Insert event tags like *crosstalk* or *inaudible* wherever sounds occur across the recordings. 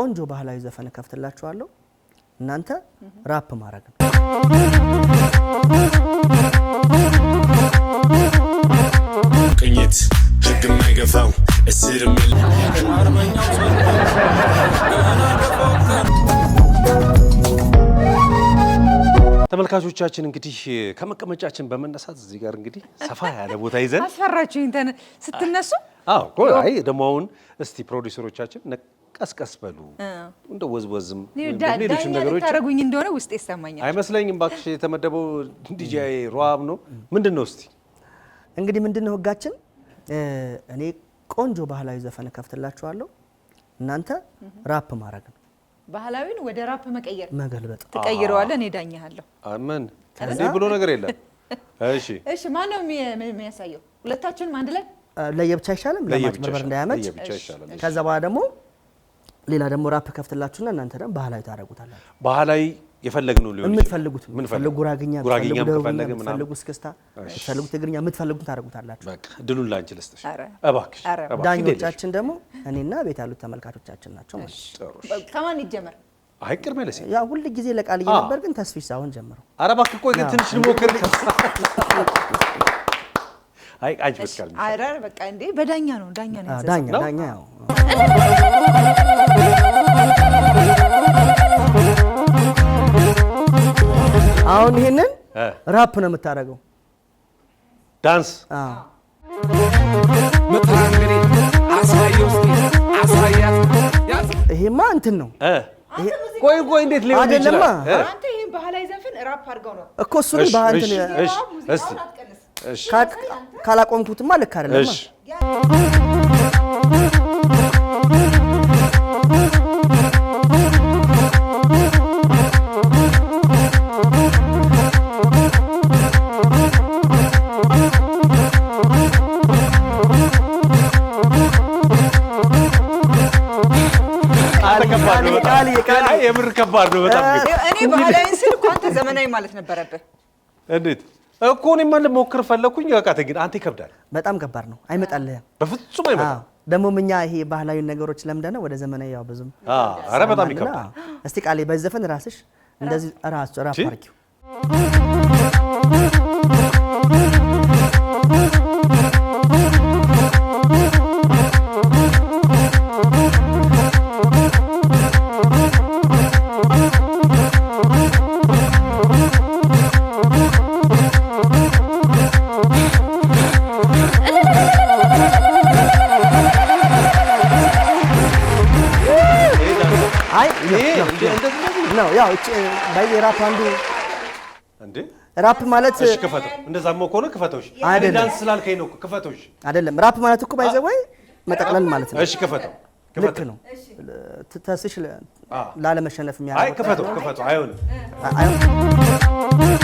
ቆንጆ ባህላዊ ዘፈን እከፍትላችኋለሁ። እናንተ ራፕ ማድረግ ነው። ቅኝት ህግ የማይገፋው እስር ተመልካቾቻችን እንግዲህ ከመቀመጫችን በመነሳት እዚህ ጋር እንግዲህ ሰፋ ያለ ቦታ ይዘን አስፈራችሁ ስትነሱ። አዎ ደግሞ አሁን እስቲ ፕሮዲሰሮቻችን ቀስቀስ በሉ እንደ ወዝወዝም ሌሎችም ነገሮች ታረጉኝ እንደሆነ ውስጥ ይሰማኛል። አይመስለኝም እባክሽ። የተመደበው ዲጂአይ ሮሃብ ነው። ምንድን ነው እስቲ እንግዲህ ምንድን ነው ህጋችን? እኔ ቆንጆ ባህላዊ ዘፈን ከፍትላችኋለሁ። እናንተ ራፕ ማድረግ ነው። ባህላዊን ወደ ራፕ መቀየር መገልበጥ። ትቀይረዋለ። እኔ ዳኛለሁ። ምን እንዴ ብሎ ነገር የለም። እሺ፣ እሺ። ማን ነው የሚያሳየው? ሁለታችንም አንድ ላይ ለየብቻ አይሻልም? ለማጭበርበር እንዳያመች። ከዛ በኋላ ደግሞ ሌላ ደግሞ ራፕ ከፍትላችሁና እናንተ ደግሞ ባህላዊ ታደርጉታላችሁ። ባህላዊ የፈለግነው ሊሆን የምትፈልጉት የምትፈልጉ ጉራግኛ የምትፈልጉ እስክስታ የምትፈልጉት ትግርኛ የምትፈልጉት ታደርጉታላችሁ። ድሉን ላንቺ ልስጥሽ እባክሽ። ዳኞቻችን ደግሞ እኔና ቤት ያሉት ተመልካቾቻችን ናቸው ማለት ከማን ይጀመር? አይ ቅድመ ለሴ ያ ሁል ጊዜ ለቃል ነበር፣ ግን ተስፊሽ አሁን ጀምረው። አረ እባክህ ቆይ ግን ትንሽ ልሞክር። *laughs* አይ አንቺ በቃ እንዴ በዳኛ ነው ዳኛ ነው ዳኛ ዳኛ ያው *laughs* አሁን ይሄንን ራፕ ነው የምታደርገው። ዳንስ ይሄማ እንትን ነው። ቆይ ቆይ፣ እንዴት ሊሆን አይደለማ። አንተ ይሄን ባህላዊ ዘፈን ራፕ አድርገው ነው እኮ። እሱን ባህል እንትን እሺ እሺ ካላቆምኩትማ ልክ አይደለማ። የምር ከባድ ነው በጣም። እኔ ባህላዊ ስል አንተ ዘመናዊ ማለት ነበረብህ። እንዴት እኮ እኔማ ልሞክር ፈለኩኝ ያቃተኝ፣ ግን አንተ ይከብዳል። በጣም ከባድ ነው። አይመጣልህም፣ በፍጹም አይመጣም። ደግሞም እኛ ይሄ ባህላዊ ነገሮች ለምደነ ወደ ዘመናዊ ያው ብዙም ኧረ በጣም ይከብዳል። እስቲ ቃሌ በዘፈን ራስሽ እንደዚህ ራሱ ራፍ አርኪው ነው። ባይ ራፕ አንዱ እንዴ ራፕ ማለት እሺ፣ ክፈተው። እንደዛማ ከሆነ ክፈተው። እሺ፣ አይደለም ዳንስ ስላልከኝ ነው። ክፈተው። እሺ፣ አይደለም ራፕ ማለት እኮ ባይዘው ወይ መጠቅለል ማለት ነው። እሺ፣ ክፈተው። ልክ ነው። ተስሽ ላለመሸነፍ የሚያደርገው አይ፣ ክፈተው፣ ክፈተው። አይሆንም፣ አይሆንም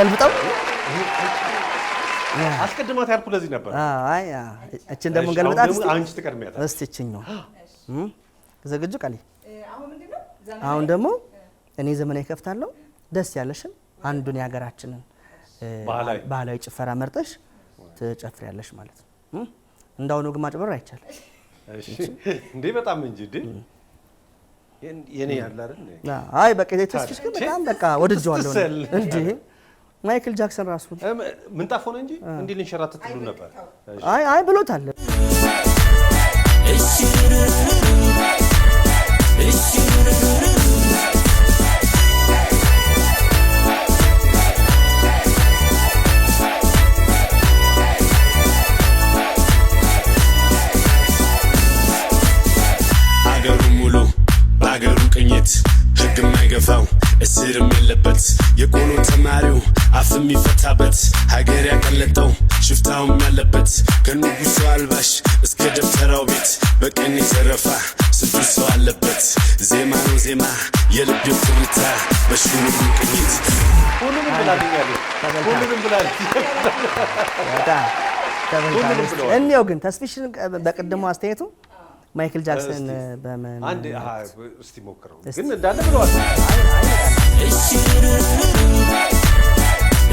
ገልብጠው አስቀድማት ያልኩ ለዚህ ነበር። አይ እቺን ደግሞ ገልብጣት አንቺ ትቀድሚያታለሽ። እስቲ እቺን ነው ዝግጁ ቃል። አሁን ደግሞ እኔ ዘመን ይከፍታለሁ። ደስ ያለሽን አንዱን የሀገራችንን ባህላዊ ጭፈራ መርጠሽ ያለሽ ማለት ነው። እንዳሁኑ ግማ ጭብር አይቻልም እንዴ? በጣም እንጂ እንዴ የኔ ያለ አይደል? አይ በቃ ተስፍሽ ግን በጣም በቃ ወድጀዋለሁ እንዴ ማይክል ጃክሰን ራሱ ምንጣፍ ሆነ እንጂ እንዲህ ልንሸራተት ብሎ ነበር። አይ አይ ብሎታል። እሺ ሰልፍ የሚፈታበት ሀገር ያቀለጠው ሽፍታውም ያለበት ከንጉሱ አልባሽ እስከ ደብተራው ቤት በቀን የዘረፋ ስንቱ ሰው አለበት። ዜማ ነው ዜማ የልብ ፍርታ በሽኑ ቅኝት ሁሉንም እኔው ግን ተስፊሽን በቅድሞ አስተያየቱ ማይክል ጃክሰን በመንድ እስቲ ሞክረው ግን እንዳለ ብለዋል።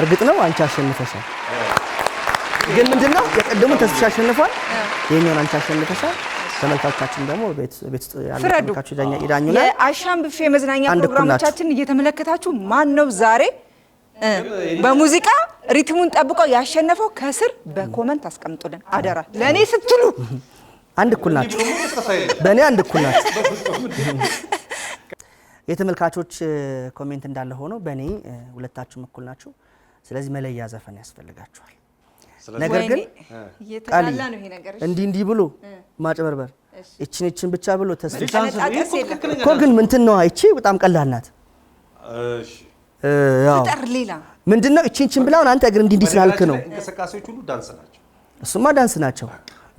እርግጥ ነው አንቺ አሸንፈሻል፣ ግን ምንድነው የቀደሙን ተስፍሽ አሸንፏል፣ ይሄኛውን አንቺ አሸንፈሻል። ተመልካቾቻችን ደግሞ ቤት ቤት ያለው የአሻም ብፌ መዝናኛ ፕሮግራሞቻችን እየተመለከታችሁ ማን ነው ዛሬ በሙዚቃ ሪትሙን ጠብቆ ያሸነፈው? ከስር በኮመንት አስቀምጡልን አደራ። ለእኔ ስትሉ አንድ እኩል ናቸው፣ በእኔ አንድ እኩል የተመልካቾች ኮሜንት እንዳለ ሆኖ በእኔ ሁለታችሁም እኩል ናችሁ። ስለዚህ መለያ ዘፈን ያስፈልጋቸዋል። ነገር ግን እንዲህ እንዲህ ብሎ ማጭበርበር እችን እችን ብቻ ብሎ ተስእኮ ግን ምንትን ነዋ እቺ በጣም ቀላል ናት። ምንድን ነው እችን እችን ብላ አንተ እግር እንዲህ እንዲህ ስላልክ ነው። እሱማ ዳንስ ናቸው።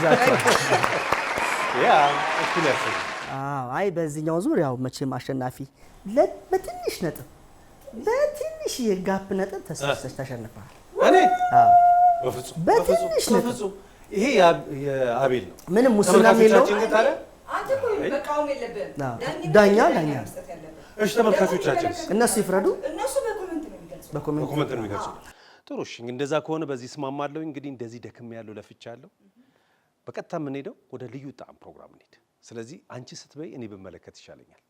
ይዛቸው *laughs* አይ በዚህኛው ዙር ያው መቼም አሸናፊ በትንሽ ነጥብ በትንሽ የጋፕ ነጥብ ተሰሰች ተሸንፈሃል። እኔ በትንሽ ነጥብ ይሄ የአቤል ነው። ምንም ሙስና የለው። ዳኛ ዳኛ። እሺ ተመልካቾቻችን እነሱ ይፍረዱ። በኮሜንት ነው የሚገልጹ። ጥሩ እሺ፣ እንደዛ ከሆነ በዚህ እስማማለሁ። እንግዲህ እንደዚህ ደክም ያለው ለፍቻለሁ። በቀጥታ የምንሄደው ወደ ልዩ ጣዕም ፕሮግራም እንሄድ። ስለዚህ አንቺ ስትበይ እኔ ብመለከት ይሻለኛል።